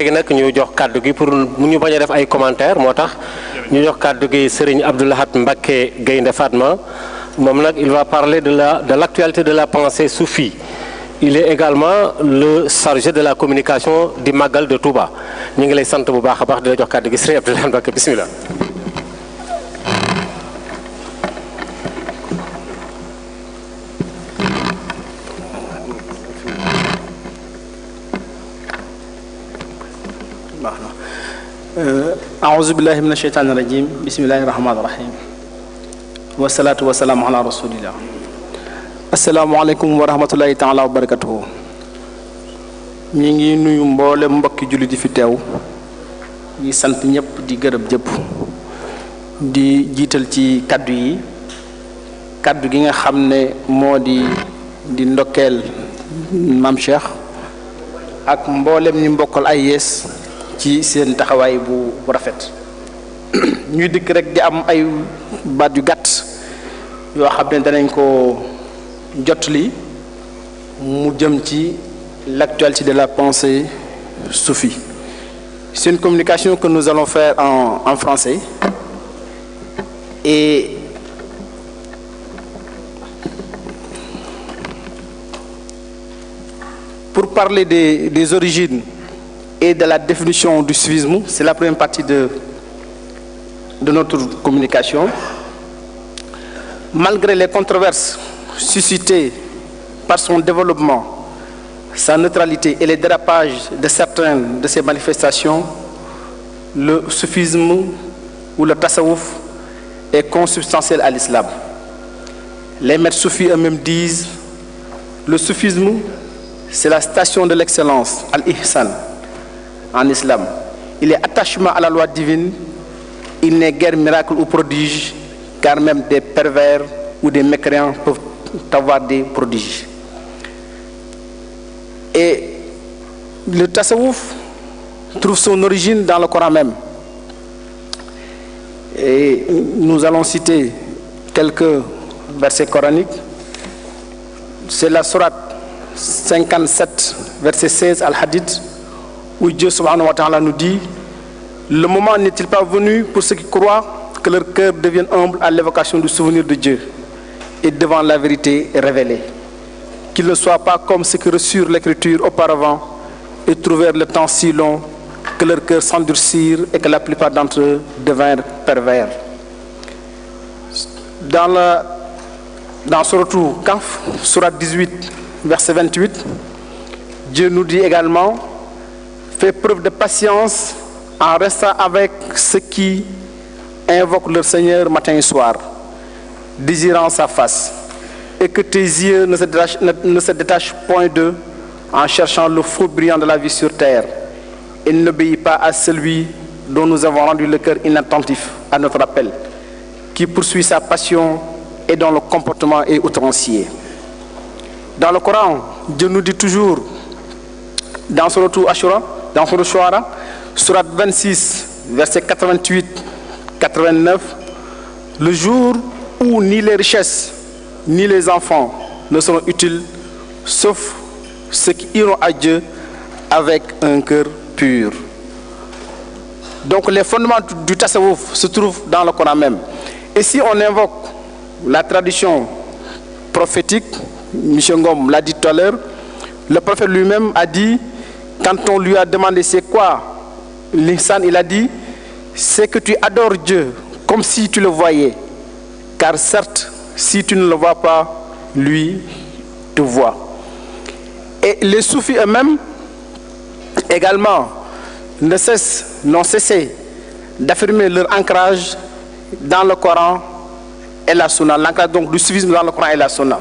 léegi nag ñu jox kaddu gi pour mu ñu bañ def ay commentaires motax ñu jox kaddu gi Serigne Abdou Lahat Mbacké Gaynde Fatma mom nak il va parler de la de l'actualité de la pensée soufie il est également le chargé de la communication du Magal de Touba ñi ngi lay sante bu baax a baax di la jox kaddu gi Serigne Abdou Lahat Mbacké bismillah baax na euh, aousubillahi min asheytaani irajim bismillahi rahmaani rahim wasalaatu wasalaamu ala rasulillah asalaamaaleykum wa rahmatullahi taala wa barakatuhu ñu ngi nuyu mboole mbokki jullit yi fi teew di sant ñëpp di gërëm jëpp di jiital ci kaddu yi kaddu gi nga xam ne moo di di ndokkeel maam Cheikh ak mboolem ñu mbokkal ay yees ci seen taxawaay bu bu rafet ñuy dikk rek di am ay baat yu gàtt yoo xam ne danañ ko jot li mu jëm ci l'actualité de la pensée soufie c'est une communication que nous allons faire en en français et pour parler des des origines et de la définition du Sufisme, C'est la première partie de, notre communication. Malgré les controverses suscitées par son développement, sa neutralité et les dérapages de certaines de ses manifestations, le Sufisme ou le tasawuf est consubstantiel à l'islam. Les maîtres soufis eux-mêmes disent le soufisme, c'est la station de l'excellence, al-ihsan, en islam. Il est attachement à la loi divine, il n'est guère miracle ou prodige, car même des pervers ou des mécréants peuvent avoir des prodiges. Et le tasawwuf trouve son origine dans le Coran même. Et nous allons citer quelques versets coraniques. C'est la sourate 57, verset 16 al-Hadith où Dieu nous dit Le moment n'est-il pas venu pour ceux qui croient que leur cœur devienne humble à l'évocation du souvenir de Dieu et devant la vérité révélée Qu'ils ne soient pas comme ceux qui reçurent l'Écriture auparavant et trouvèrent le temps si long que leur cœur s'endurcir... et que la plupart d'entre eux devinrent pervers. Dans, ce retour, Kaf, la 18, verset 28, Dieu nous dit également Fais preuve de patience en restant avec ceux qui invoquent leur Seigneur matin et soir, désirant sa face, et que tes yeux ne se détachent, point d'eux en cherchant le faux brillant de la vie sur terre. Et n'obéis pas à celui dont nous avons rendu le cœur inattentif à notre appel, qui poursuit sa passion et dont le comportement est outrancier. Dans le Coran, Dieu nous dit toujours, dans son retour Ashura, dans Sourate 26, verset 88, 89, le jour où ni les richesses ni les enfants ne seront utiles, sauf ceux qui iront à Dieu avec un cœur pur. Donc les fondements du Tassawuf se trouvent dans le Coran même. Et si on invoque la tradition prophétique, M. Ngom l'a dit tout à l'heure, le prophète lui-même a dit quand on lui a demandé c'est quoi l'insan, il a dit c'est que tu adores Dieu comme si tu le voyais. Car certes, si tu ne le vois pas, lui te voit. Et les soufis eux-mêmes également ne cessent, n'ont cessé d'affirmer leur ancrage dans le Coran et la Sunna, l'ancrage donc du soufisme dans le Coran et la Sunna.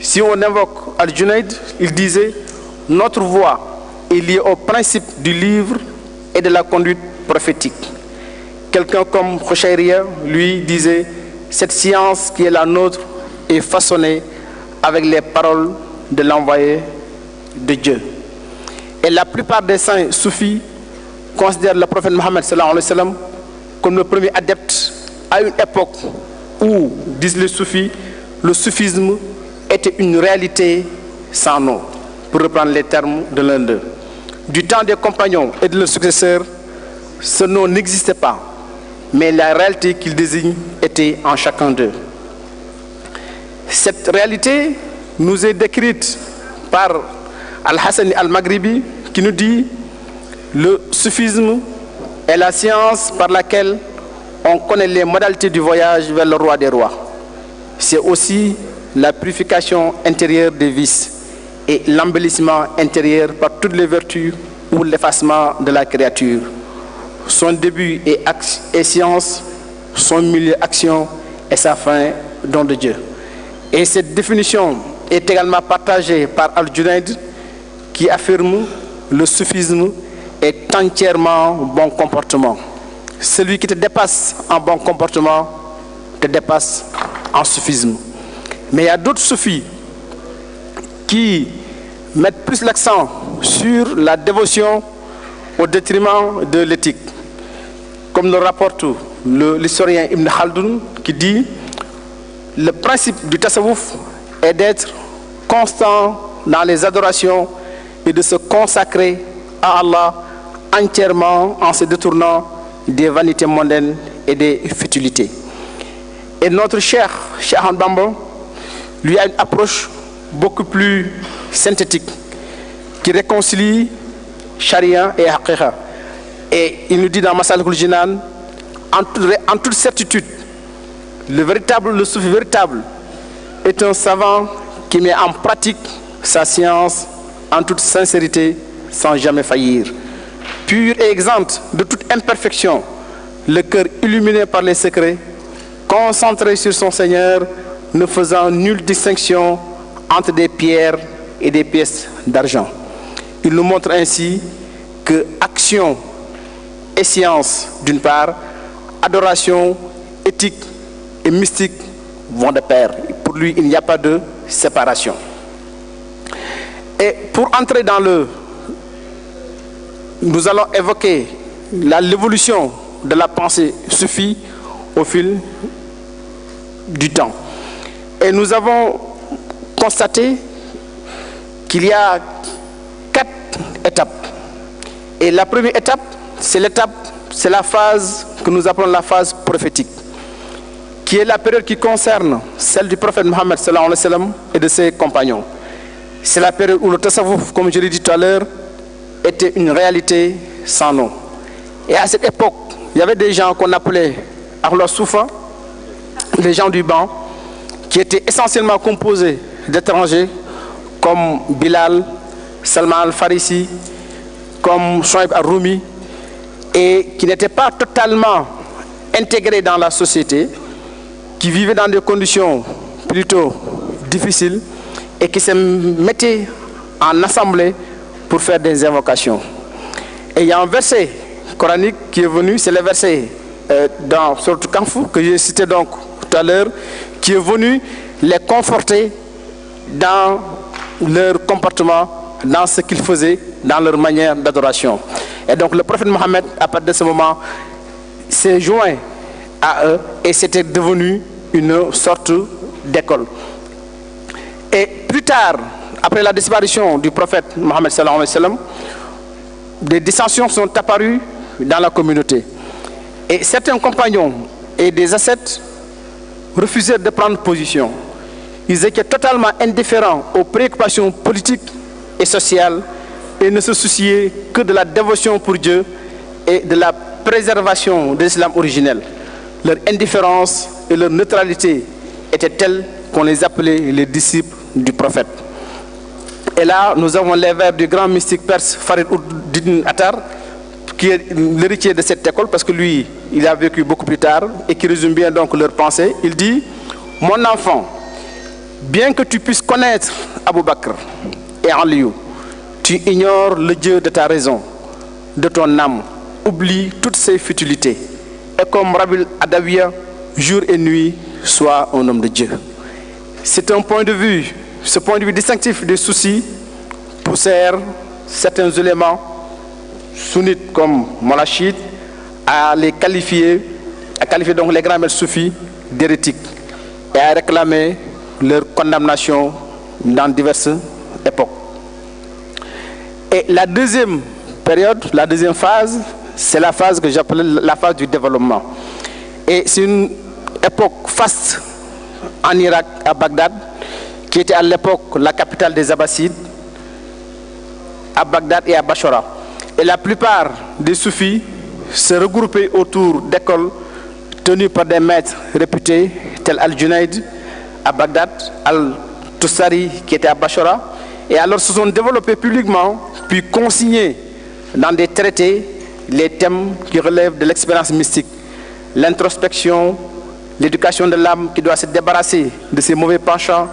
Si on invoque Al-Junaid, il disait Notre voix est lié au principe du livre et de la conduite prophétique. Quelqu'un comme Rochairia lui disait Cette science qui est la nôtre est façonnée avec les paroles de l'envoyé de Dieu. Et la plupart des saints soufis considèrent le prophète Mohammed comme le premier adepte à une époque où, disent les soufis, le soufisme était une réalité sans nom, pour reprendre les termes de l'un d'eux du temps des compagnons et de leurs successeurs, ce nom n'existait pas, mais la réalité qu'il désigne était en chacun d'eux. Cette réalité nous est décrite par Al-Hassani al-Maghribi qui nous dit le soufisme est la science par laquelle on connaît les modalités du voyage vers le roi des rois. C'est aussi la purification intérieure des vices et l'embellissement intérieur par toutes les vertus ou l'effacement de la créature. Son début est, science, son milieu action et sa fin don de Dieu. Et cette définition est également partagée par Al-Junaid qui affirme le soufisme est entièrement bon comportement. Celui qui te dépasse en bon comportement te dépasse en soufisme. Mais il y a d'autres soufis qui mettre plus l'accent sur la dévotion au détriment de l'éthique. Comme le rapporte l'historien Ibn Khaldun qui dit le principe du tasawwuf est d'être constant dans les adorations et de se consacrer à Allah entièrement en se détournant des vanités mondaines et des futilités. Et notre cher, Cheikh Bambo, lui a une approche beaucoup plus synthétique qui réconcilie charia et haqiqa. Et il nous dit dans Masal Jinan, en, en toute certitude, le véritable, le souffle véritable, est un savant qui met en pratique sa science en toute sincérité, sans jamais faillir. Pur et exempt de toute imperfection, le cœur illuminé par les secrets, concentré sur son Seigneur, ne faisant nulle distinction entre des pierres et des pièces d'argent. Il nous montre ainsi que action et science d'une part, adoration, éthique et mystique vont de pair. Pour lui, il n'y a pas de séparation. Et pour entrer dans le... Nous allons évoquer l'évolution de la pensée suffit au fil du temps. Et nous avons constaté qu'il y a quatre étapes. Et la première étape, c'est l'étape, c'est la phase que nous appelons la phase prophétique, qui est la période qui concerne celle du prophète Mohammed et de ses compagnons. C'est la période où le Tassavouf, comme je l'ai dit tout à l'heure, était une réalité sans nom. Et à cette époque, il y avait des gens qu'on appelait Arlois Soufa, les gens du banc, qui étaient essentiellement composés d'étrangers comme Bilal, Salman al-Farisi, comme Shoaib Arumi, et qui n'étaient pas totalement intégrés dans la société, qui vivaient dans des conditions plutôt difficiles et qui se mettaient en assemblée pour faire des invocations. Et il y a un verset coranique qui est venu, c'est le verset euh, dans Surat Kanfou que j'ai cité donc tout à l'heure, qui est venu les conforter dans leur comportement, dans ce qu'ils faisaient, dans leur manière d'adoration. Et donc le prophète Mohammed, à partir de ce moment, s'est joint à eux et c'était devenu une sorte d'école. Et plus tard, après la disparition du prophète Mohammed, des dissensions sont apparues dans la communauté. Et certains compagnons et des ascètes refusaient de prendre position ils étaient totalement indifférents aux préoccupations politiques et sociales et ne se souciaient que de la dévotion pour Dieu et de la préservation de l'islam originel. Leur indifférence et leur neutralité étaient telles qu'on les appelait les disciples du prophète. Et là, nous avons les vers du grand mystique perse Farid Uddin Attar, qui est l'héritier de cette école, parce que lui, il a vécu beaucoup plus tard, et qui résume bien donc leurs pensées. Il dit, mon enfant, Bien que tu puisses connaître Abu Bakr et Aliou, tu ignores le Dieu de ta raison, de ton âme, oublie toutes ses futilités. Et comme Rabil Adavia, jour et nuit, sois un homme de Dieu. C'est un point de vue, ce point de vue distinctif des soucis poussèrent certains éléments sunnites comme Malachite à les qualifier, à qualifier donc les grands maîtres soufis d'hérétiques et à réclamer leur condamnation dans diverses époques. Et la deuxième période, la deuxième phase, c'est la phase que j'appelle la phase du développement. Et c'est une époque faste en Irak, à Bagdad, qui était à l'époque la capitale des Abbasides à Bagdad et à Bachora. Et la plupart des soufis se regroupaient autour d'écoles tenues par des maîtres réputés tels Al-Junaid, à Bagdad, al Tussari qui était à Bachora. Et alors se sont développés publiquement, puis consignés dans des traités les thèmes qui relèvent de l'expérience mystique, l'introspection, l'éducation de l'âme qui doit se débarrasser de ses mauvais penchants,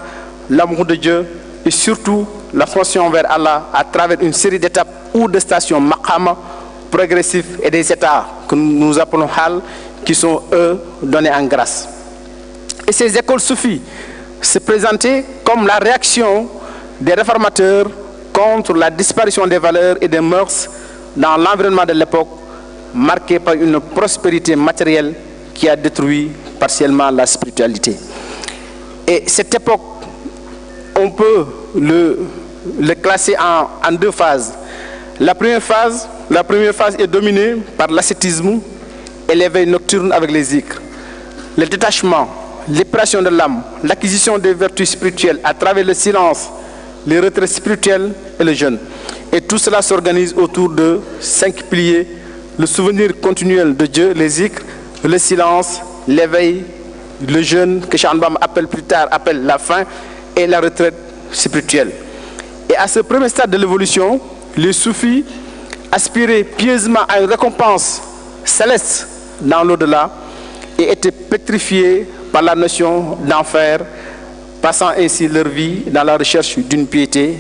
l'amour de Dieu et surtout la fonction vers Allah à travers une série d'étapes ou de stations maqama progressifs et des états que nous appelons hal qui sont eux donnés en grâce et ces écoles soufis se présentaient comme la réaction des réformateurs contre la disparition des valeurs et des mœurs dans l'environnement de l'époque marqué par une prospérité matérielle qui a détruit partiellement la spiritualité. Et cette époque, on peut le, classer en, deux phases. La première phase, la première phase est dominée par l'ascétisme et l'éveil nocturne avec les zikres. Le détachement l'épuration de l'âme, l'acquisition des vertus spirituelles à travers le silence, les retraites spirituelles et le jeûne. Et tout cela s'organise autour de cinq piliers le souvenir continuel de Dieu, les le silence, l'éveil, le jeûne que Shahbam appelle plus tard, appelle la fin, et la retraite spirituelle. Et à ce premier stade de l'évolution, les soufis aspiraient pieusement à une récompense céleste dans l'au-delà et étaient pétrifiés par la notion d'enfer, passant ainsi leur vie dans la recherche d'une piété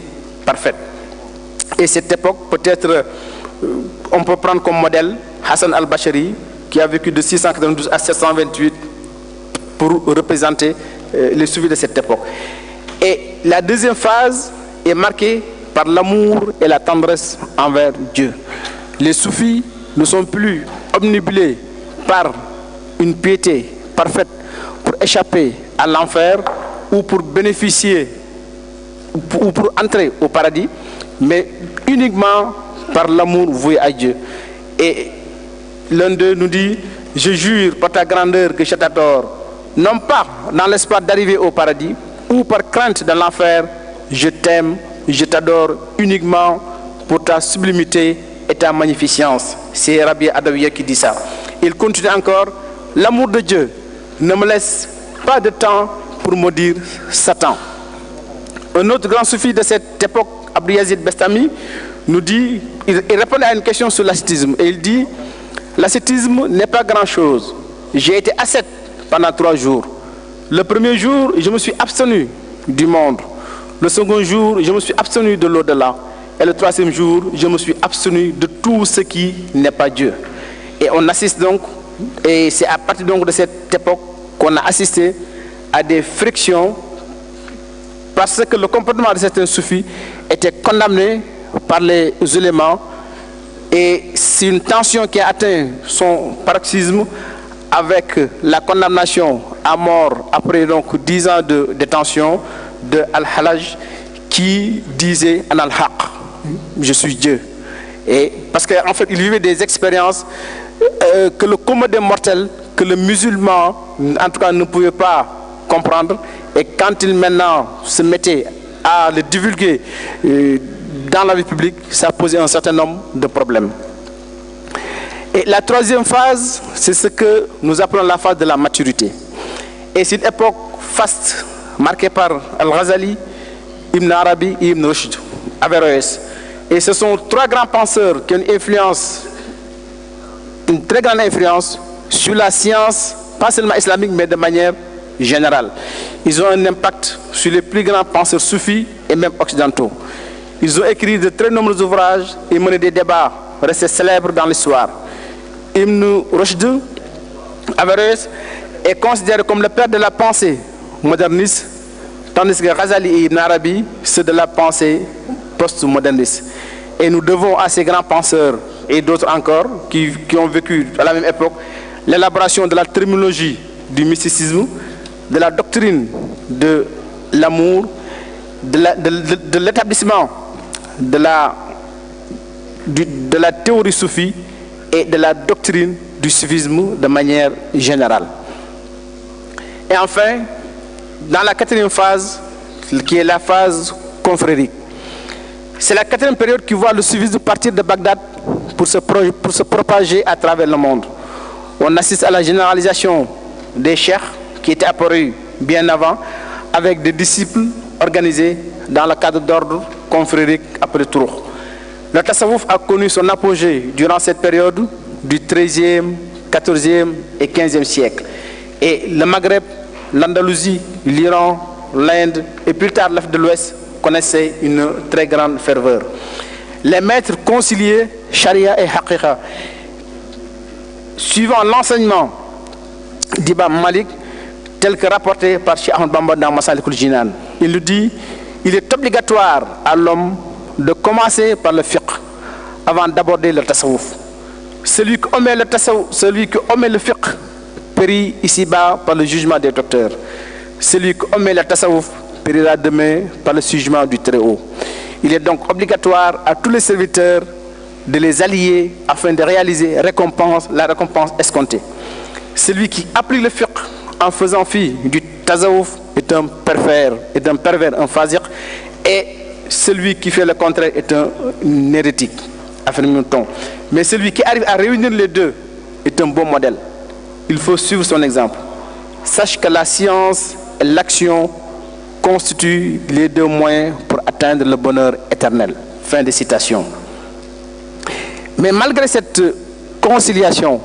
parfaite. Et cette époque, peut-être, euh, on peut prendre comme modèle Hassan al bashiri qui a vécu de 692 à 728 pour représenter euh, les soufis de cette époque. Et la deuxième phase est marquée par l'amour et la tendresse envers Dieu. Les soufis ne sont plus omnibulés par une piété parfaite échapper à l'enfer ou pour bénéficier ou pour entrer au paradis, mais uniquement par l'amour voué à Dieu. Et l'un d'eux nous dit, je jure par ta grandeur que je t'adore non pas dans l'espoir d'arriver au paradis ou par crainte dans l'enfer, je t'aime, je t'adore uniquement pour ta sublimité et ta magnificence. C'est Rabbi Adawiya qui dit ça. Il continue encore, l'amour de Dieu ne me laisse pas de temps pour me dire Satan. Un autre grand soufi de cette époque, Abriyazid Bestami, nous dit, il, il répond à une question sur l'ascétisme et il dit L'ascétisme n'est pas grand-chose. J'ai été ascète pendant trois jours. Le premier jour, je me suis abstenu du monde. Le second jour, je me suis abstenu de l'au-delà. Et le troisième jour, je me suis abstenu de tout ce qui n'est pas Dieu. Et on assiste donc et c'est à partir donc de cette époque qu'on a assisté à des frictions parce que le comportement de certains soufis était condamné par les éléments et c'est une tension qui a atteint son paroxysme avec la condamnation à mort après donc 10 ans de détention de, Al-Halaj qui disait en Al-Haq, je suis Dieu. Et parce qu'en fait, il vivait des expériences euh, que le commun des mortels, que le musulman, en tout cas, ne pouvait pas comprendre. Et quand il maintenant se mettait à le divulguer euh, dans la vie publique, ça posait un certain nombre de problèmes. Et la troisième phase, c'est ce que nous appelons la phase de la maturité. Et c'est une époque faste, marquée par Al-Ghazali, Ibn Arabi et Ibn Rushd, Averroès. Et ce sont trois grands penseurs qui ont une influence une très grande influence sur la science, pas seulement islamique, mais de manière générale. Ils ont un impact sur les plus grands penseurs soufis et même occidentaux. Ils ont écrit de très nombreux ouvrages et mené des débats restés célèbres dans l'histoire. Ibn Rushd, Averroès, est considéré comme le père de la pensée moderniste, tandis que Ghazali et Ibn Arabi, ceux de la pensée post-moderniste. Et nous devons à ces grands penseurs et d'autres encore qui, ont vécu à la même époque l'élaboration de la terminologie du mysticisme, de la doctrine de l'amour, de l'établissement de, la, théorie soufie et de la doctrine du civisme de manière générale. Et enfin, dans la quatrième phase, qui est la phase confrérique, c'est la quatrième période qui voit le civisme partir de Bagdad pour se, propager à travers le monde. On assiste à la généralisation des chefs qui étaient apparus bien avant, avec des disciples organisés dans le cadre d'ordre confrérique après Tour. Le Tassavouf a connu son apogée durant cette période du 13e, 14e et 15e siècle. Et le Maghreb, l'Andalousie, l'Iran, l'Inde et plus tard l'Afrique de l'Ouest connaissaient une très grande ferveur les maîtres conciliés, Sharia et haqiqa. Suivant l'enseignement d'Ibam Malik, tel que rapporté par Cheikh Ahmed Bamba dans Masalikul Jinan, il lui dit il est obligatoire à l'homme de commencer par le fiqh avant d'aborder le tasawuf. Celui qui omet le celui qui omet le fiqh périt ici-bas par le jugement des docteurs. Celui qui omet le tasawuf périra demain par le jugement du Très-Haut. Il est donc obligatoire à tous les serviteurs de les allier afin de réaliser récompense, la récompense escomptée. Celui qui applique le fiqh en faisant fi du tazawuf est un pervers, est un pervers, un et celui qui fait le contraire est un hérétique, Mais celui qui arrive à réunir les deux est un bon modèle. Il faut suivre son exemple. Sache que la science et l'action constituent les deux moyens pour atteindre le bonheur éternel. Fin de citation. Mais malgré cette conciliation,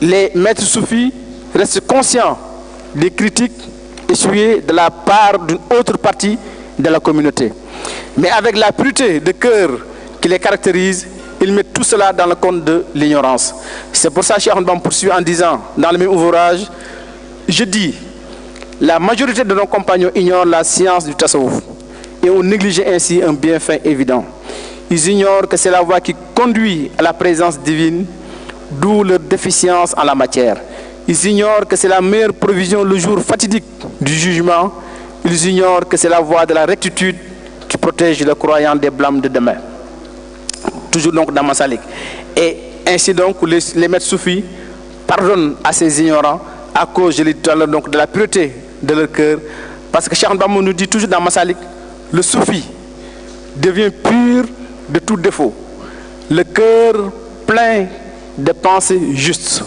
les maîtres soufis restent conscients des critiques essuyées de la part d'une autre partie de la communauté. Mais avec la pureté de cœur qui les caractérise, ils mettent tout cela dans le compte de l'ignorance. C'est pour ça que Cheikh poursuit en disant dans le même ouvrage, je dis la majorité de nos compagnons ignorent la science du tasawuf et ont négligé ainsi un bienfait évident. Ils ignorent que c'est la voie qui conduit à la présence divine, d'où leur déficience en la matière. Ils ignorent que c'est la meilleure provision le jour fatidique du jugement. Ils ignorent que c'est la voie de la rectitude qui protège le croyant des blâmes de demain. Toujours donc dans Massalik. Et ainsi donc, les, maîtres soufis pardonnent à ces ignorants à cause, de de la pureté de leur cœur. Parce que Cheikh Bamou nous dit toujours dans Massalik, le soufi devient pur de tout défaut. Le cœur plein de pensées justes,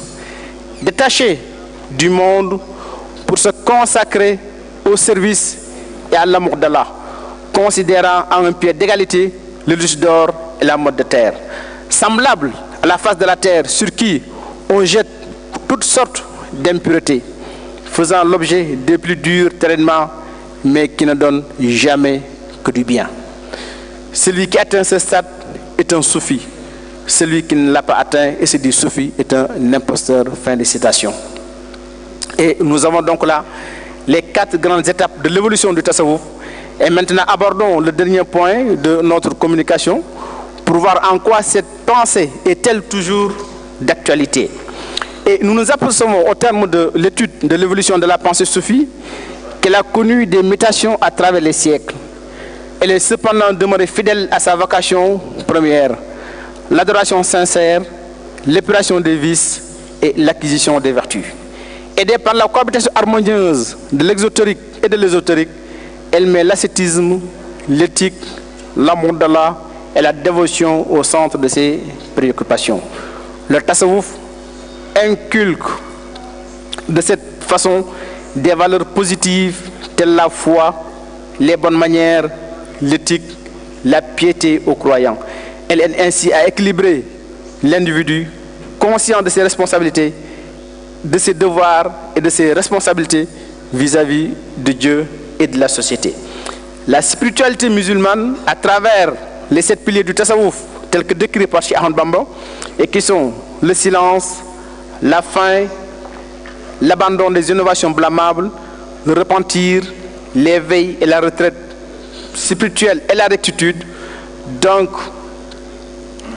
détaché du monde pour se consacrer au service et à l'amour d'Allah, considérant à un pied d'égalité le luxe d'or et la mode de terre. Semblable à la face de la terre sur qui on jette toutes sortes d'impuretés faisant l'objet des plus durs traitements, mais qui ne donne jamais que du bien. Celui qui atteint ce stade est un soufi. Celui qui ne l'a pas atteint et se dit soufi est un imposteur. Fin de citation. Et nous avons donc là les quatre grandes étapes de l'évolution du tasawuf. Et maintenant, abordons le dernier point de notre communication pour voir en quoi cette pensée est-elle toujours d'actualité. Et nous nous apercevons au terme de l'étude de l'évolution de la pensée soufie qu'elle a connu des mutations à travers les siècles. Elle est cependant demeurée fidèle à sa vocation première, l'adoration sincère, l'épuration des vices et l'acquisition des vertus. Aidée par la cohabitation harmonieuse de l'exotérique et de l'ésotérique, elle met l'ascétisme, l'éthique, l'amour d'Allah et la dévotion au centre de ses préoccupations. Le tasawuf inculque de cette façon des valeurs positives telles la foi, les bonnes manières, l'éthique, la piété aux croyants. Elle aide ainsi à équilibrer l'individu conscient de ses responsabilités, de ses devoirs et de ses responsabilités vis-à-vis de Dieu et de la société. La spiritualité musulmane, à travers les sept piliers du tasawwuf, tels que décrits par Cheikh Ahmed Bamba, et qui sont le silence, la faim, l'abandon des innovations blâmables, le repentir, l'éveil et la retraite spirituelle et la rectitude. Donc,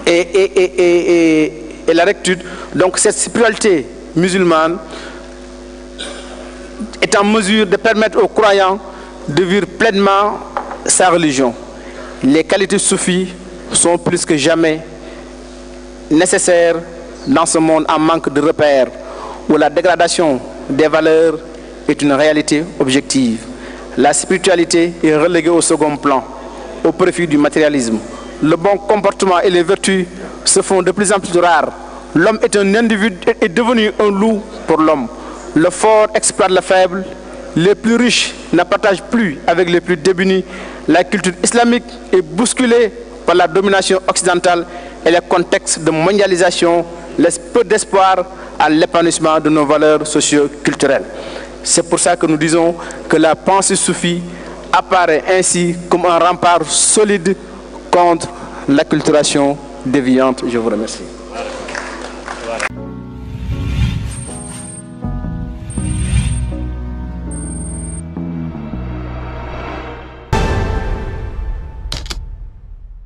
et, et la rectitude, donc cette spiritualité musulmane est en mesure de permettre aux croyants de vivre pleinement sa religion. Les qualités soufis sont plus que jamais nécessaires dans ce monde en manque de repères, où la dégradation des valeurs est une réalité objective. La spiritualité est reléguée au second plan, au profit du matérialisme. Le bon comportement et les vertus se font de plus en plus rares. L'homme est un individu est devenu un loup pour l'homme. Le fort exploite le faible. Les plus riches ne partagent plus avec les plus démunis. La culture islamique est bousculée par la domination occidentale et les contextes de mondialisation peu d'espoir à l'épanouissement de nos valeurs socio-culturelles. C'est pour ça que nous disons que la pensée soufie apparaît ainsi comme un rempart solide contre l'acculturation déviante. Je vous remercie.